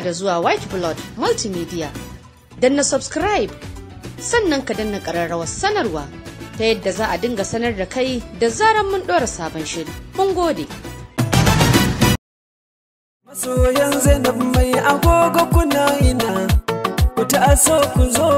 da zuwa white blood multimedia na subscribe sannan ka danna ƙararrawar sanarwa ta yadda za a dinga sanar da kai da zarar mun dora sabon shiri mun gode masoyan zainab mai agogo kuna ina ku ku zo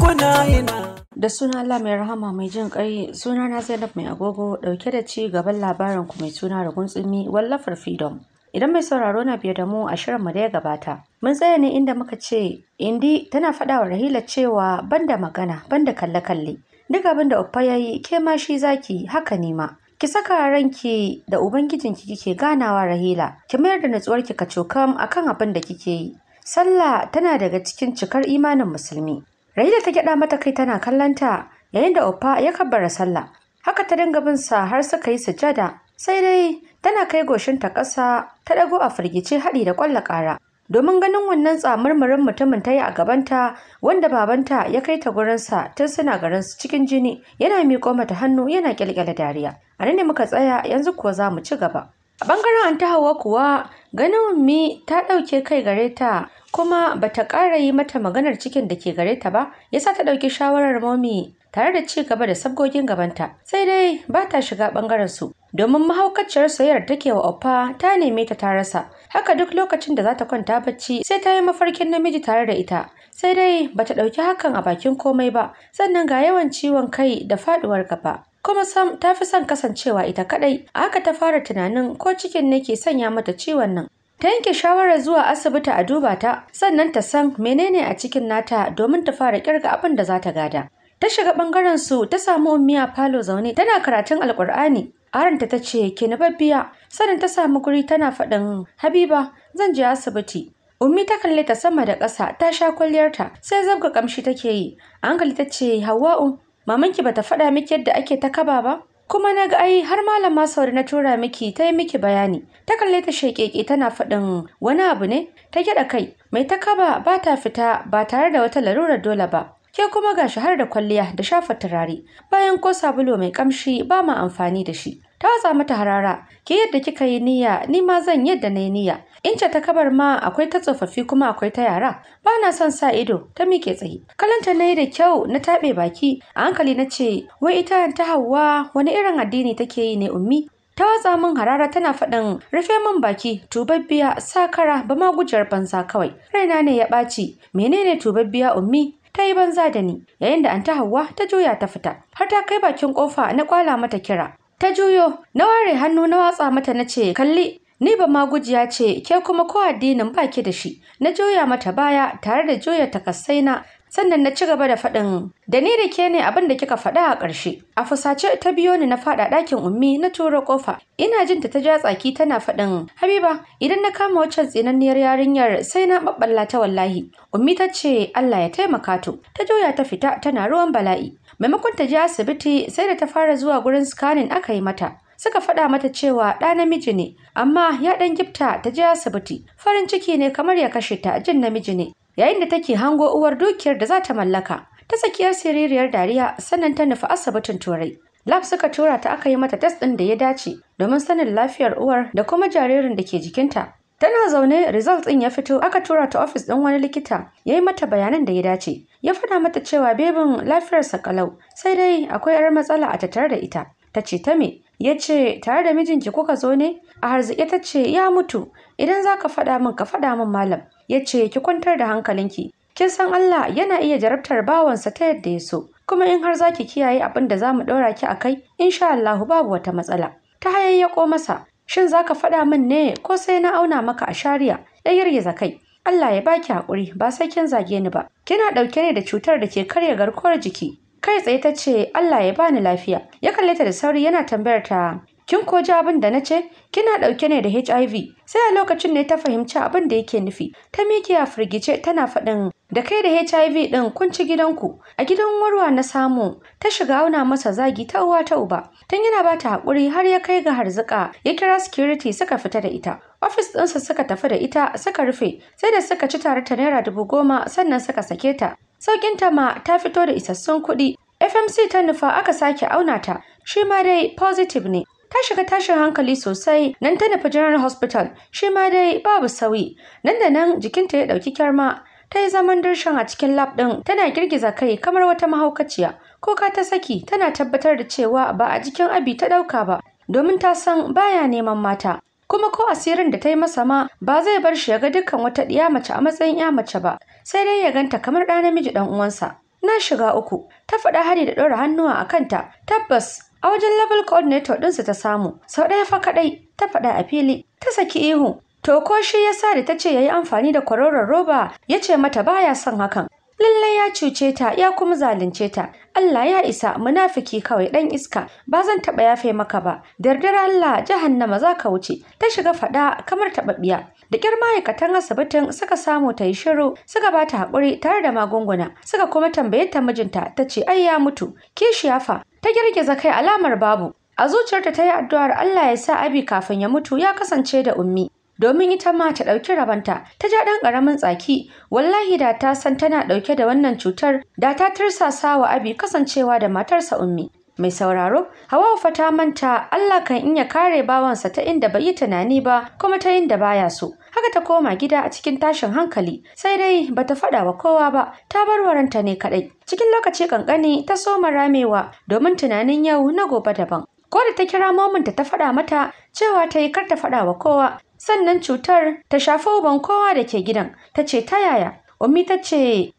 kuna ina da suna Allah mai rahama mai jin kai suna na Zainab mai agogo ɗauke da ci gaban labarin ku mai suna da guntsumi wallafar Freedom. Idan mai sauraro na biye da mu a shirinmu da ya gabata, mun tsaya ne inda muka ce, Indi tana faɗa wa Rahila cewa banda magana, banda kalle-kalle. Duk abin da Uffa ya yi, ke ma shi zaki, haka ne ma. Ki saka ranki da Ubangijinki kike ganawa Rahila, ki mayar da natsuwarki ka cokam akan abin da kike yi. Sallah tana daga cikin cikar imanin musulmi. Rahila ta gyaɗa mata kai tana kallanta yayin da Uffa ya kabbara sallah. Haka ta dinga bin sa har suka yi sujada. Sai dai tana kai goshinta ƙasa ta ɗago a firgice haɗi da ƙwalla ƙara domin ganin wannan tsamurmurin mutumin ta yi a gabanta wanda babanta ya kai ta gurinsa tun suna garinsu cikin jini yana miƙo mata hannu yana ƙyalƙyala dariya a nan ne muka tsaya yanzu kuwa za mu ci gaba a ɓangaren an hawa kuwa ganin ummi ta ɗauke kai gare ta kuma ta ƙara yi mata maganar cikin da ke gare ta ba yasa ta ɗauki shawarar momi tare da ci gaba da sabgogin gabanta sai dai ba ta shiga ɓangaren su domin mahaukaciyar soyayyar take wa Opa ta neme ta ta rasa. Haka duk lokacin da za ta kwanta bacci sai ta yi mafarkin namiji tare da ita. Sai dai ba ta ɗauki hakan a bakin komai ba, sannan ga yawan ciwon kai da faɗuwar gaba. kuma sam ta fi son kasancewa ita kadai haka ta fara tunanin ko cikin ne ke sanya mata ciwon nan ta yanke shawarar zuwa asibiti a duba ta sannan ta san menene a cikin nata domin ta fara kirga abin da za ta gada ta shiga bangaren su ta samu ummiya falo zaune tana karatun alkur'ani aranta ta ce ke biya." sanin ta samu guri tana faɗin habiba zan je asibiti ummi ta kalle ta sama da ƙasa ta sha kwalliyarta sai zabga kamshi take yi hankali ta ce hawa'u mamanki bata faɗa miki yadda ake ta kaba ba kuma na ga ai har malama sauri na tura miki ta yi miki bayani ta kalle ta shekeke tana faɗin wani abu ne ta gyaɗa kai mai ta kaba ba ta fita ba tare da wata larurar dole ba Ke kuma gashi har da kwalliya da shafa turare. Bayan ko sabulu mai kamshi ba ma amfani da shi. Ta watsa mata harara, ke yadda kika yi niyya, ni ma zan yadda na yi niyya. Inca ta kabar ma akwai ta tsofaffi kuma akwai ta yara. Ba na son sa ido, ta miƙe tsaye. Kalanta na yi da kyau, na taɓe baki. A hankali na ce, wai ita ta hawa wani irin addini take yi ne ummi? ta watsa min harara tana faɗin rufe min baki tubabbiya sakara ba ma gujiyar banza kawai raina ne ya ɓaci menene tubabbiya ummi ta yi banza da ni yayin da an ta Hauwa ta juya ta fita har ta kai bakin kofa na kwala mata kira ta juyo na ware hannu na watsa mata na ce kalli ni ba ma gujiya ce ke kuma ko addinin baki da shi na juya mata baya tare da juya takassaina sannan na ci gaba da faɗin da ni da ke ne abin da kika faɗa a ƙarshe a fusace ta biyo ni na faɗa ɗakin ummi na turo ƙofa ina jin ta ta ja tsaki tana faɗin habiba idan na kama waccan tsinanniyar yarinyar sai na ɓaɓɓalla ta wallahi ummi ta ce allah ya taimaka to ta juya ta fita tana ruwan bala'i maimakon ta je asibiti sai da ta fara zuwa gurin scanning aka yi mata suka faɗa mata cewa ɗa namiji ne amma ya ɗan gifta ta je asibiti farin ciki ne kamar ya kashe ta jin namiji ne yayin da take hango uwar dukiyar da za ta mallaka ta tsakiyar siririyar dariya sannan ta nufi asibitin turai lab suka tura ta aka yi mata test ɗin da ya dace domin sanin lafiyar uwar da kuma jaririn da ke jikinta tana zaune result ɗin ya fito aka tura ta ofis ɗin wani likita ya yi mata bayanan da ya dace ya faɗa mata cewa bebin lafiyarsa kalau sai dai akwai 'yar matsala a tattare da ita ta ce ta me ya ce tare da mijinki kuka zo ne a harzike ta ce ya mutu idan za ka faɗa min ka faɗa min malam ya ce ki kwantar da hankalinki kin san Allah yana iya jarabtar bawansa ta yadda ya so kuma in har zaki kiyaye abin da zamu ɗora ki a kai insha Allah babu wata matsala ta hayayyako masa shin zaka faɗa min ne ko sai na auna maka a shari'a ya girgiza kai Allah ya baki haƙuri ba sai kin zage ni ba kina ɗauke ne da cutar da ke karya garkuwar jiki kai tsaye ta ce Allah ya bani lafiya ya kalle ta da sauri yana tambayar ta Kin ko ji abin da na ce? Kina ɗauke ne da HIV. Sai a lokacin ne ta fahimci abin da yake nufi. Ta miƙe a firgice tana faɗin da kai da HIV ɗin kun ci gidanku. A gidan warwa na samu ta shiga auna masa zagi ta uwa ta uba. Tun yana ba ta haƙuri har ya kai ga harzuka ya kira security suka fita da ita. Ofis ɗinsa suka tafi da ita suka rufe sai da suka ci tare ta naira dubu goma sannan suka sake ta. ta ma ta fito da isassun kuɗi. FMC ta nufa aka sake auna ta, shi ma dai positive ne. ta shiga tashin hankali sosai nan ta nufi general hospital shi ma dai babu sauyi nan da nan jikinta ya ɗauki kyarma ta yi zaman dirshan a cikin lab ɗin tana girgiza kai kamar wata mahaukaciya kuka ta saki tana tabbatar da cewa ba a jikin abi ta ɗauka ba domin ta san baya neman mata kuma ko asirin da ta yi masa ma ba zai bar shi ya ga dukkan wata ɗiya mace a matsayin ya mace ba sai dai ya ganta kamar ɗa namiji ɗan uwansa na shiga uku ta faɗa hari da ɗora hannuwa a kanta tabbas a wajen level coordinator ɗinsu ta samu sau ɗaya fa kaɗai ta faɗa a fili ta saki ihu to ko shi ya sa da ta ce ya yi amfani da kwaroron roba ya ce mata baya son hakan lallai ya cuce ta ya kuma zalunce ta Allah ya isa munafiki kawai ɗan iska ba zan taɓa yafe maka ba dardar Allah jahannama za ka wuce ta shiga faɗa kamar taɓaɓɓiya da ƙyar ma'aikatan asibitin suka samu ta yi shiru suka ba ta haƙuri tare da magunguna suka kuma tambaye ta mijinta ta ce ai ya mutu ya fa ta girgiza kai alamar babu a zuciyarta ta yi addu'ar Allah ya sa abi kafin ya mutu ya kasance da ummi domin ita ma ta ɗauki rabanta ta ja ɗan ƙaramin tsaki wallahi da ta san tana ɗauke da wannan cutar da ta tirsasa wa abi kasancewa da matarsa ummi mai sauraro hawa fa ta manta Allah kan iya kare bawansa ta inda bai yi tunani ba kuma ta inda baya so haka ta koma gida a cikin tashin hankali sai dai bata fada wa kowa ba ta bar waranta ne kaɗai cikin lokaci kankani ta soma ramewa domin tunanin yau na gobe daban ko da ta kira mominta ta faɗa mata cewa ta yi kar ta faɗawa wa kowa sannan cutar ta shafi uban kowa da ke gidan ta ce ta yaya Ummi ta ce,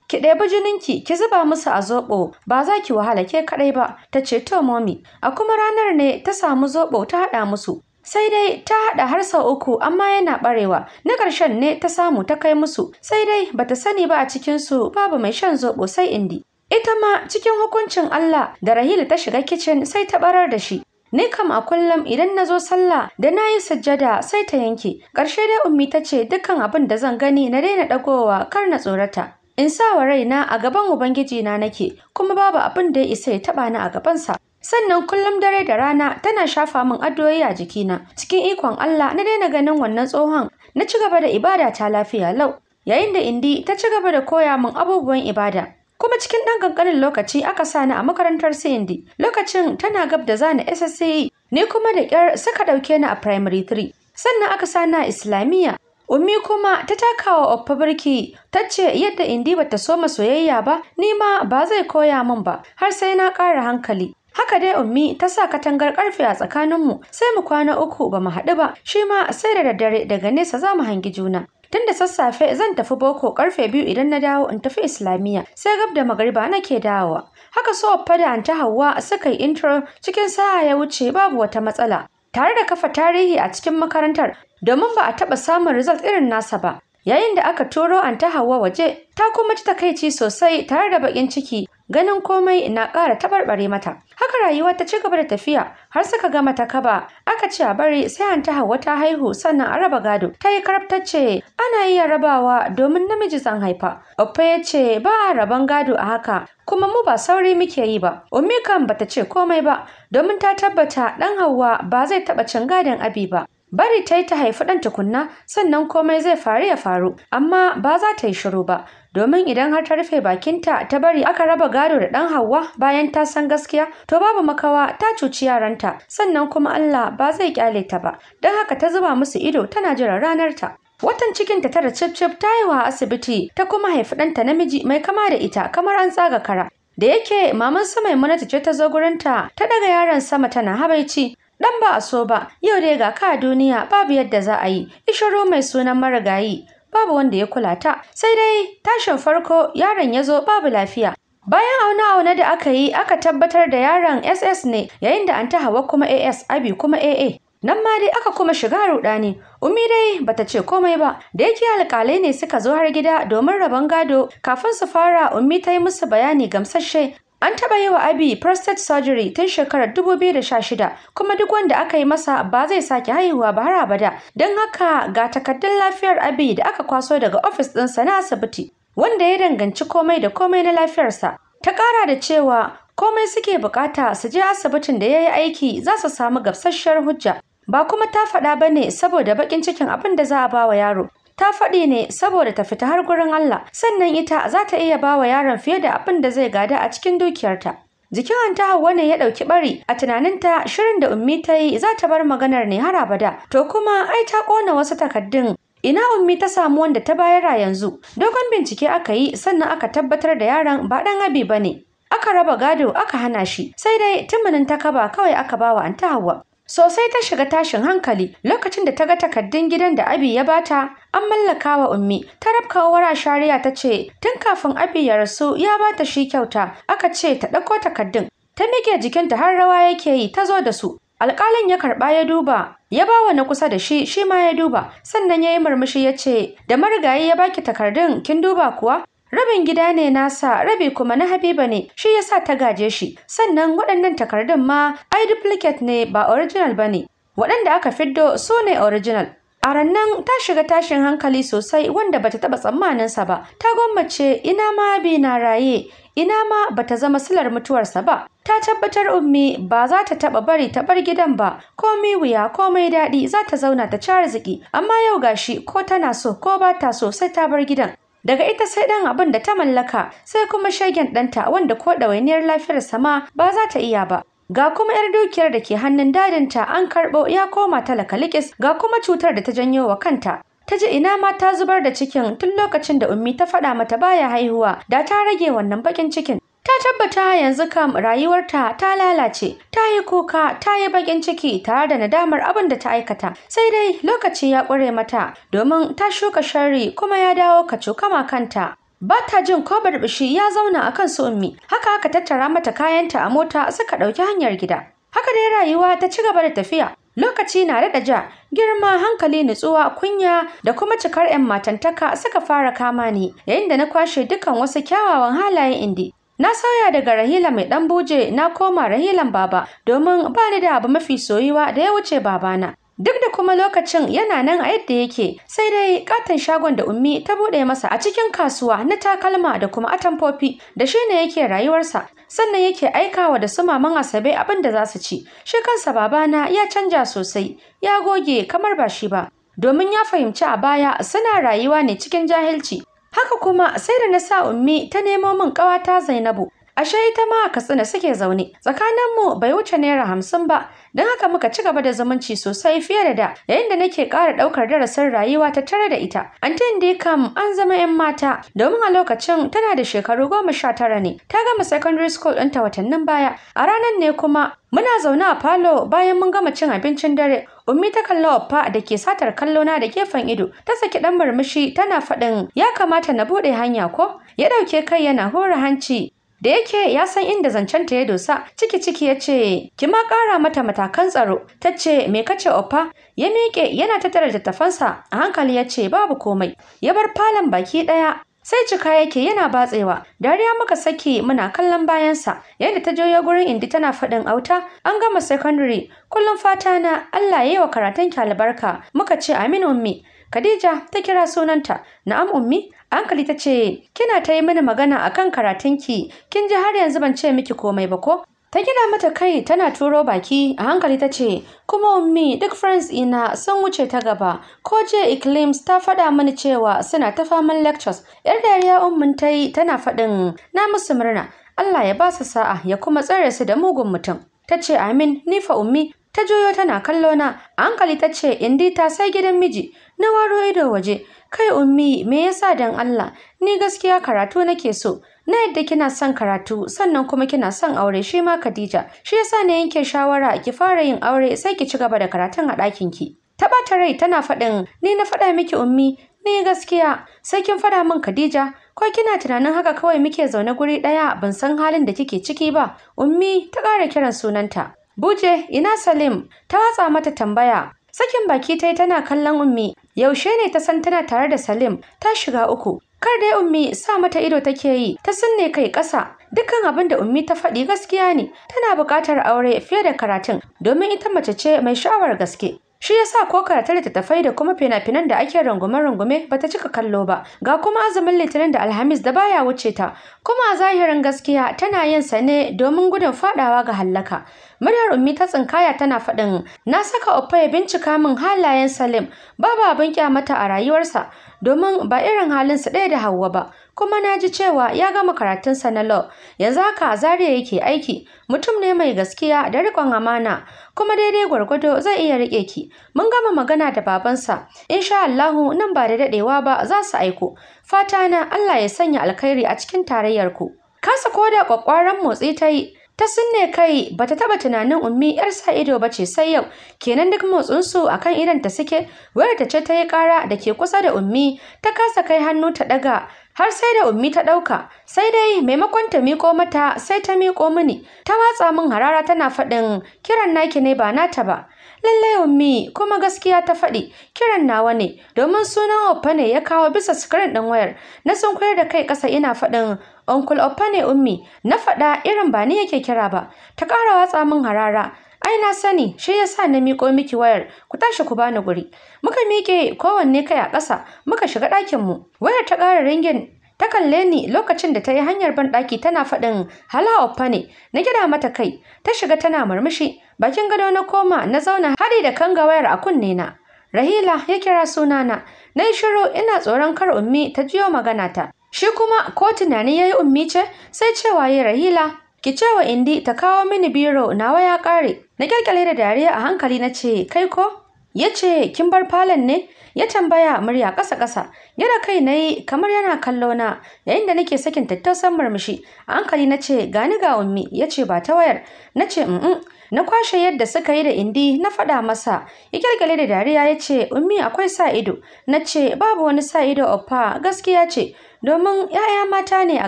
ki ɗebi jininki, ki zuba musu a zoɓo, ba za ki wahala ke kaɗai ba, ta ce to momi. A kuma ranar ne ta samu zobo ta haɗa musu. Sai dai ta haɗa har sau uku amma yana ɓarewa, na ƙarshen ne ta samu ta kai musu, sai dai ba ta sani ba a cikinsu babu mai shan zoɓo sai indi. Ita ma cikin hukuncin Allah da Rahila ta shiga kicin sai ta barar da shi. Ni kam a kullum idan na zo sallah da na yi sajjada sai ta yanke. Ƙarshe dai ummi ta ce dukkan abin da zan gani na daina ɗagowa kar na tsorata. In sa wa raina a gaban Ubangiji na nake kuma babu abin da ya isa ya taɓa ni a gabansa. Sannan kullum dare da rana tana shafa min addu'o'i a jikina. Cikin ikon Allah na daina ganin wannan tsohon na ci gaba da ibada ta lafiya lau. Yayin da Indi ta ci gaba da koya min abubuwan ibada. kuma cikin ɗan ƙanƙanin lokaci aka sa ni a makarantar CND Lokacin tana gab da zana SSCE, ni kuma da ƙyar suka ɗauke ni a primary 3. Sannan aka sa a Islamiyya. Ummi kuma ta takawa Oppa birki ta ce yadda Indi bata soma soyayya ba, ni ma ba zai koya min ba, har sai na ƙara hankali. Haka dai Ummi ta sa katangar karfe a tsakaninmu sai mu kwana uku ba mu haɗu ba, shi ma sai da daddare daga nesa za mu hangi juna. tun da sassafe zan tafi boko karfe biyu idan na dawo in tafi islamiyya sai gab da magariba nake dawowa haka so fada ta hawa suka yi intro cikin sa'a ya wuce babu wata matsala tare da kafa tarihi a cikin makarantar domin ba a taɓa samun result irin nasa ba yayin da aka turo an ta hawa waje ta kuma ci takaici sosai tare da bakin ciki ganin komai na ƙara taɓarɓare mata haka rayuwa ta ci gaba da tafiya har suka gama ta kaba aka ce a bari sai an ta hawa ta haihu sannan a raba gado ta yi ce ana iya rabawa domin namiji zan haifa Oppa ya ce ba a raban gado a haka kuma mu ba sauri muke yi ba Omikan kan bata ce komai ba domin ta tabbata ɗan hawa ba zai taɓa cin gadon abi ba bari ta yi ta haifi ɗan tukunna sannan komai zai faru ya faru amma ba za ta yi shiru ba domin idan har ta rufe bakinta ta bari aka raba gado da ɗan hawa bayan ta san gaskiya to babu makawa ta cuci yaranta sannan kuma Allah ba zai kyale ta ba don haka ta zuba musu ido tana jiran ranar ta Watan cikinta tara cif ta yi wa asibiti ta kuma haifi ɗanta namiji mai kama da ita kamar an tsaga kara. Da yake maman sa Maimunatu ce ta zo gurinta ta ɗaga yaron sama tana habaici Dan ba a so ba, yau dai ga ka duniya babu yadda za a yi, ishoro mai sunan marigayi, babu wanda ya kula ta. Sai dai tashin farko yaron ya zo babu lafiya. Bayan auna-auna da aka yi aka tabbatar da yaron SS ne yayin da an ta hawa kuma AS abi kuma AA. Nan ma dai aka kuma shiga rudani. Umi dai bata ce komai ba, da yake alƙalai ne suka zo har gida domin rabon gado kafin su fara Ummi ta yi musu bayani gamsasshe An taɓa yi wa Abi prostate surgery tun shekarar 2016 kuma duk wanda aka yi masa ba zai sake haihuwa ba har abada. Don haka ga takardun lafiyar Abi da aka kwaso daga ofis ɗinsa na asibiti wanda ya danganci komai da komai na lafiyarsa. Ta ƙara da cewa komai suke bukata su je asibitin da ya yi aiki za su samu gabsasshiyar hujja. Ba kuma ta faɗa ba ne saboda baƙin cikin abin da za a ba wa yaro. ta faɗi ne saboda ta fita har gurin Allah sannan ita za ta iya ba wa yaron fiye da abin da zai gada a cikin dukiyarta Jikin Anta Hauwa ne ya ɗauki ɓari a tunaninta shirin da Ummi ta yi za ta bar maganar ne har abada. To kuma ai ta ƙona wasu takaddun Ina Ummi ta samu wanda ta bayar a yanzu. Dogon bincike aka yi sannan aka tabbatar da yaron ba ɗan abi ba ne. Aka raba gado aka hana shi sai dai tumunin ta kaba kawai aka bawa Anta Hauwa. Sosai ta shiga tashin hankali lokacin da ta ga takardun gidan da Abi ya bata an mallaka wa Ummi. Ta wara shari'a ta ce tun kafin Abi ya rasu ya bata shi kyauta aka ce ta ɗauko takardun. Ta mike jikinta har rawa yake yi ta zo da su. Alƙalin ya karɓa ya duba, ya ba na kusa da shi, shi ma ya duba, sannan ya yi murmushi ya ce, Da marigayi ya baki takardun, kin duba kuwa? Rabin gida ne nasa, rabi kuma na Habiba ne, shi yasa ta gaje shi. Sannan waɗannan takardun ma ai duplicate ne ba original ba ne. Waɗanda aka fiddo su ne original. A rannan ta shiga tashin hankali sosai wanda bata taba tsammanin sa ba. Ta gwammace ina ma bi na raye, ina ma bata zama silar mutuwarsa ba. Ta tabbatar ummi ba za ta taɓa bari ta bar gidan ba, komai wuya komai daɗi za ta zauna ta ci arziki. Amma yau gashi ko tana so ko ba ta so sai ta bar gidan. daga ita sai ɗan abin da ta mallaka sai kuma shagen ɗanta wanda ko ɗawainiyar lafiyar sama ba za ta iya ba ga kuma yar dukiyar da ke hannun dadinta an karɓo ya koma talaka likis ga kuma cutar da ta janyo wa kanta ta ji ina ma ta zubar da cikin tun lokacin da ummi ta faɗa mata baya haihuwa da ta rage wannan bakin cikin Ta tabbata yanzu kam rayuwarta ta lalace, ta yi kuka, ta yi bakin ciki tare da nadamar abin da ta aikata. Sai dai lokaci ya ƙure mata domin ta shuka shari kuma ya dawo ka kama kanta. ba ta jin ko barbishi ya zauna a kan su ummi haka aka tattara mata kayanta a mota suka ɗauki hanyar gida haka dai rayuwa ta ci gaba da tafiya lokaci na daɗa ja girma hankali nutsuwa kunya da kuma cikar 'yan matantaka suka fara kama ni yayin da na kwashe dukkan wasu kyawawan halayen indi Na sauya daga Rahila mai ɗan buje na koma Rahilan baba domin ba ni da abu mafi soyuwa da ya wuce babana. Duk da kuma lokacin yana nan a yadda yake, sai dai katon shagon da ummi ta buɗe masa a cikin kasuwa na takalma da kuma atamfofi da shi ne yake rayuwarsa, sannan yake aikawa da su maman asabe abin da za su ci. Shi kansa babana ya canja sosai, ya goge kamar ba shi ba. Domin ya fahimci a baya suna rayuwa ne cikin jahilci, Haka kuma sai da na sa ummi ta nemo min ƙawata Zainabu. Ashe ita ma a Katsina suke zaune. Tsakaninmu bai wuce naira hamsin ba, don haka muka ci gaba da zumunci sosai fiye da da, yayin da nake ƙara ɗaukar darasin rayuwa ta tare da ita. Antin dai kam an zama 'yan mata, domin a lokacin tana da shekaru goma sha tara ne. Ta gama secondary school ta watannin baya. A ranan ne kuma Muna zaune a falo bayan mun gama cin abincin dare, Ummi ta kalla Waffa da ke satar kallona da gefen ido, ta saki ɗan murmushi tana faɗin ya kamata na buɗe hanya ko? Ya ɗauke kai yana hura hanci. Da yake ya san inda zancen ta ya dosa, ciki ciki ya ce, ki ma ƙara mata matakan tsaro, ta ce, me kace Waffa? Ya miƙe yana tattara littattafansa a hankali ya ce, babu komai. Ya bar falon baki ɗaya, sai cika yake yana batsewa dariya muka saki muna kallon bayansa yadda ta joyo gurin indi tana faɗin auta an gama secondary kullum fata na Allah ya yi wa karatun ki albarka muka ce amin ummi Khadija ta kira sunanta na'am ummi hankali ta ce kina ta yi mini magana akan karatunki kin ji har yanzu ban ce miki komai ba ko Ta gina mata kai tana turo baki a hankali ta ce, Kuma ummi duk friends ina sun wuce ta gaba, ko je Eclaims ta faɗa mani cewa suna ta faman lectures, ‘yar dariya ummin ta yi tana faɗin na musu murna, Allah ya ba su sa'a ya kuma tsare su da mugun mutum. Ta ce amin, ni fa ummi, ta juyo tana kallo na, a hankali ta ce indi ta sai gidan miji, na waro ido waje kai ummi me yasa dan Allah ni gaskiya karatu nake so na yadda kina son karatu sannan kuma kina son aure shi ma Khadija shi yasa na yanke shawara ki fara yin aure sai ki ci gaba da karatun a ɗakin ki ta rai tana faɗin ni na faɗa miki ummi ni gaskiya sai kin faɗa min Khadija ko kina tunanin haka kawai muke zaune guri ɗaya ban san halin da kike ciki ba ummi ta ƙara kiran sunanta Buje ina Salim ta watsa mata tambaya Sakin baki ta tana kallon Ummi, yaushe ne ta san tana tare da Salim, ta shiga uku. Kar dai Ummi sa mata ido take yi, ta sunne kai ƙasa. Dukkan abin da Ummi ta faɗi gaskiya ne, tana buƙatar aure fiye da karatun, domin ita mace ce mai sha'awar gaske. Shi yasa ko karatar littattafai da kuma fina-finan da ake rungume-rungume ba ta cika kallo ba, ga kuma azumin litinin da alhamis da baya wuce ta, kuma a zahirin gaskiya tana yin sa ne domin gudun faɗawa ga hallaka. muryar ummi ta tsinkaya tana faɗin na saka oppa ya bincika min halayen salim babu abin kyamata a rayuwarsa domin ba irin halinsa ɗaya da hawa ba kuma na ji cewa ya gama karatunsa na law yanzu haka zaria yake aiki mutum ne mai gaskiya da riƙon amana kuma daidai gwargwado zai iya rike ki mun gama magana da babansa insha Allah nan ba da daɗewa ba za su aiko fata na Allah ya sanya alkhairi a cikin tarayyar ku kasa koda kwakwaran motsi ta yi ta sunne kai bata taba tunanin ummi yar sa ido bace sai yau kenan duk motsin su akan idan ta suke wayar ta ce ta yi kara da ke kusa da ummi ta kasa kai hannu ta daga har sai da ummi ta dauka sai dai maimakon ta miko mata sai ta miko mini ta watsa min harara tana faɗin kiran naki ne ba nata ba Lallai ummi kuma gaskiya ta faɗi kiran nawa ne domin sunan Oppa ya kawo bisa sikirin ɗin wayar. Na sun koyar da kai ƙasa ina faɗin Uncle Oppa ummi na faɗa irin ba ni yake kira ba. Ta ƙara watsa min harara. Ai na sani shi yasa na miƙo miki wayar ku tashi ku bani guri. Muka miƙe kowanne kai a ƙasa muka shiga ɗakin mu. Wayar ta ƙara ringin ta kalle ni lokacin da ta yi hanyar banɗaki tana faɗin hala oppa ne na gida mata kai ta shiga tana murmushi bakin gado na koma na zauna hari da kanga wayar a kunne na rahila ya kira sunana na yi shiru ina tsoron kar ummi ta jiyo magana ta shi kuma ko tunani ya yi ummi ce sai cewa ya rahila ki ce wa indi ta kawo mini biro nawa ya ƙare na kyalkyale da dariya a hankali na ce kai ko ya ce kin bar falon ne ya tambaya murya ƙasa ƙasa yana kai na yi kamar yana kallo na yayin da nake sakin tattausan murmushi a hankali na ce gani ga ummi ya ce ba ta wayar na ce mm na kwashe yadda suka yi da indi na faɗa masa ya kirkire da dariya ya ce ummi akwai sa ido na ce babu wani sa ido Opa. gaskiya ce domin 'ya'ya mata ne a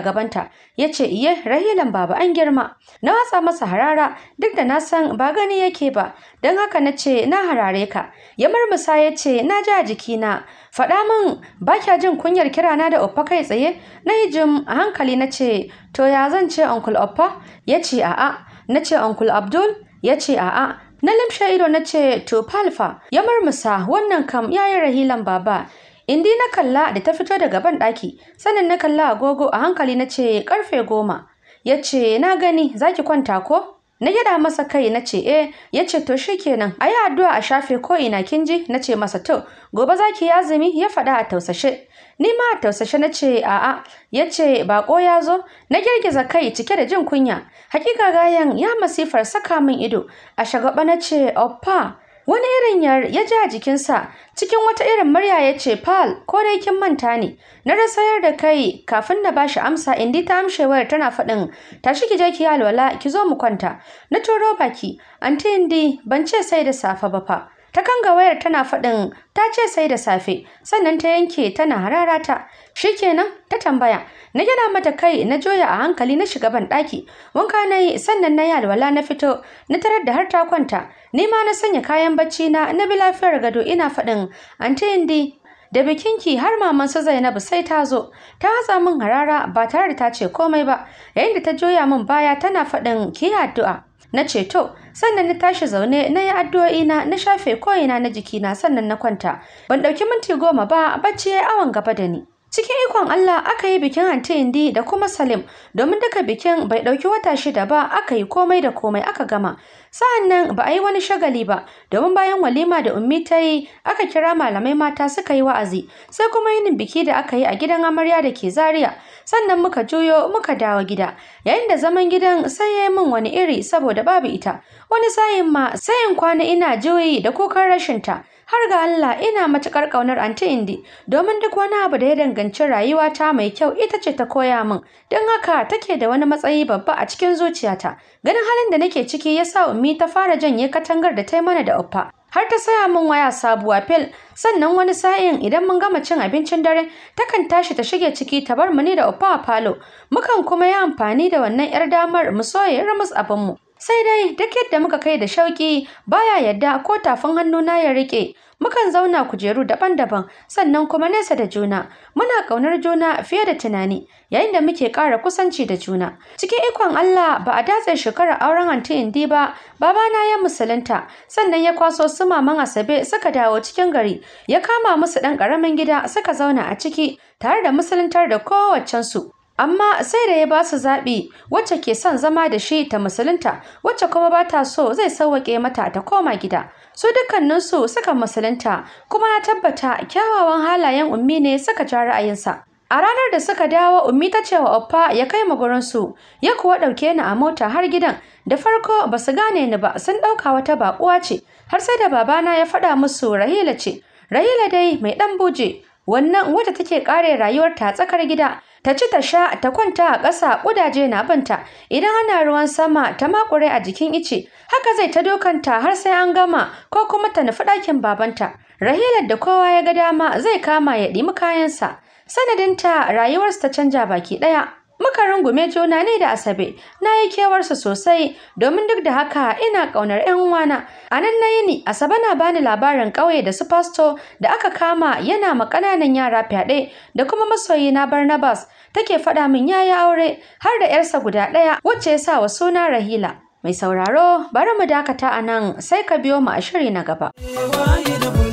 gabanta ya ce iye rahilan baba an girma na watsa masa harara duk da na san ba gani yake ba don haka na ce na harare ka ya murmusa ya ce na ji a jikina faɗa min ba kya jin kunyar kirana da oppa kai tsaye na yi jim a hankali na ce to ya zan ce uncle oppa ya ce a'a na ce uncle abdul ya ce a'a na limshe ido na ce to palfa ya murmusa wannan kam yi rahilan baba indi na kalla da ta fito daga ban ɗaki sanin na kalla agogo a hankali na ce karfe goma ya ce na gani za ki kwanta ko na gyada masa kai na ce eh ya ce to shi kenan." a yi addu'a a shafe ko ina kin ji na ce masa to gobe za ki azumi ya faɗa a tausashe ni ma a tausashe na ce a'a ya ce baƙo ya zo na girgiza kai cike da jin kunya hakika gayan ya masifar saka min ido a shagaba na ce oppa wani irin ya ji jikinsa cikin wata irin murya ya ce pal ko dai kin manta ne na rasayar da kai kafin na bashi amsa indi ta amshe wayar tana faɗin tashi ki je ki alwala ki zo mu kwanta na turo baki anti indi ban ce sai da safa ba fa ta kanga wayar tana faɗin ta ce sai da safe sannan ta yanke tana hararata kenan, ta tambaya na gina mata kai na joya a hankali na shiga ban ɗaki wanka na yi sannan na yi alwala na fito na tarar da har ta kwanta ni ma na sanya kayan bacci na na bi lafiyar gado ina faɗin anti indi da bikinki har maman su Zainabu sai ta zo ta hatsa min harara ba tare da ta ce komai ba yayin da ta joya min baya tana faɗin ki addu'a na ce to sannan na tashi zaune na yi addu'o'i na na shafe ko'ina na jikina sannan na kwanta ban ɗauki minti goma ba bacci yayi awon gaba da ni Cikin ikon Allah aka yi bikin Hante Indi da kuma Salim domin duka bikin bai ɗauki wata shida ba aka yi komai da komai aka gama. Sa'an nan ba a yi wani shagali ba domin bayan walima da ummi ta yi aka kira malamai mata suka yi wa'azi sai kuma yin biki da aka yi a gidan amarya da ke Zariya, sannan muka juyo muka dawo gida yayin da zaman gidan sai ya yi min wani iri saboda babu ita wani sayin ma sayin kwana ina juyi da kukan rashinta. har ga Allah ina matuƙar ƙaunar Aunty Indi domin duk wani abu da ya danganci rayuwata mai kyau ita ce ta koya min don haka take da wani matsayi babba a cikin zuciyata ganin halin da nake ciki ya sa ummi ta fara janye katangar da ta mana da uffa har ta saya min waya sabuwa fil sannan wani sa'in idan mun gama cin abincin dare takan tashi ta shige ciki ta bar mu ni da Upa a falo mukan kuma yi amfani da wannan yar damar mu soye irmus abin sai dai duk yadda muka kai da shauƙi baya yadda ko tafin hannuna ya riƙe mukan zauna kujeru daban-daban sannan kuma nesa da juna muna ƙaunar juna fiye da tunani yayin da muke ƙara kusanci da juna cikin ikon Allah ba a datse shekarar auren anti indi ba Baba na ya musulunta sannan ya kwaso su maman asabe suka dawo cikin gari ya kama musu ɗan ƙaramin gida suka zauna a ciki tare da musuluntar da kowacensu amma sai da ya ba su zaɓi wacce ke son zama da shi ta musulunta wacce kuma ba ta so zai sauwaƙe mata ta koma gida su dukkaninsu suka musulunta kuma na tabbata kyawawan halayen ummi ne suka ja ra'ayinsa a ranar da suka dawo ummi ta ce wa oppa ya kai mu su ya kuwa ɗauke ni a mota har gidan da farko ba su gane ni ba sun ɗauka wata baƙuwa ce har sai da babana ya faɗa musu rahila ce rahila dai mai ɗan buje wannan wadda take kare rayuwarta tsakar gida ta ci ta sha ta kwanta a ƙasa ƙudaje na banta idan ana ruwan sama ta makure a jikin ice haka zai ta dokanta har sai an gama ko kuma ta nufi ɗakin babanta rahilar da kowa ya ga dama zai kama ya ɗimi kayansa sanadinta rayuwarsa ta canja baki ɗaya makarin rungume juna ne da Asabe, na yi kewarsa sosai domin duk da haka ina ƙaunar 'yan uwana. A nan na yini, Asabe na bani labarin ƙauye da su fasto da aka kama yana ma ƙananan yara fyaɗe da kuma masoyi na Barnabas take faɗa min ya yi aure har da 'yarsa guda ɗaya wacce ya sa wa suna Rahila. Mai sauraro, bari mu dakata a nan sai ka biyo mu a shiri na gaba.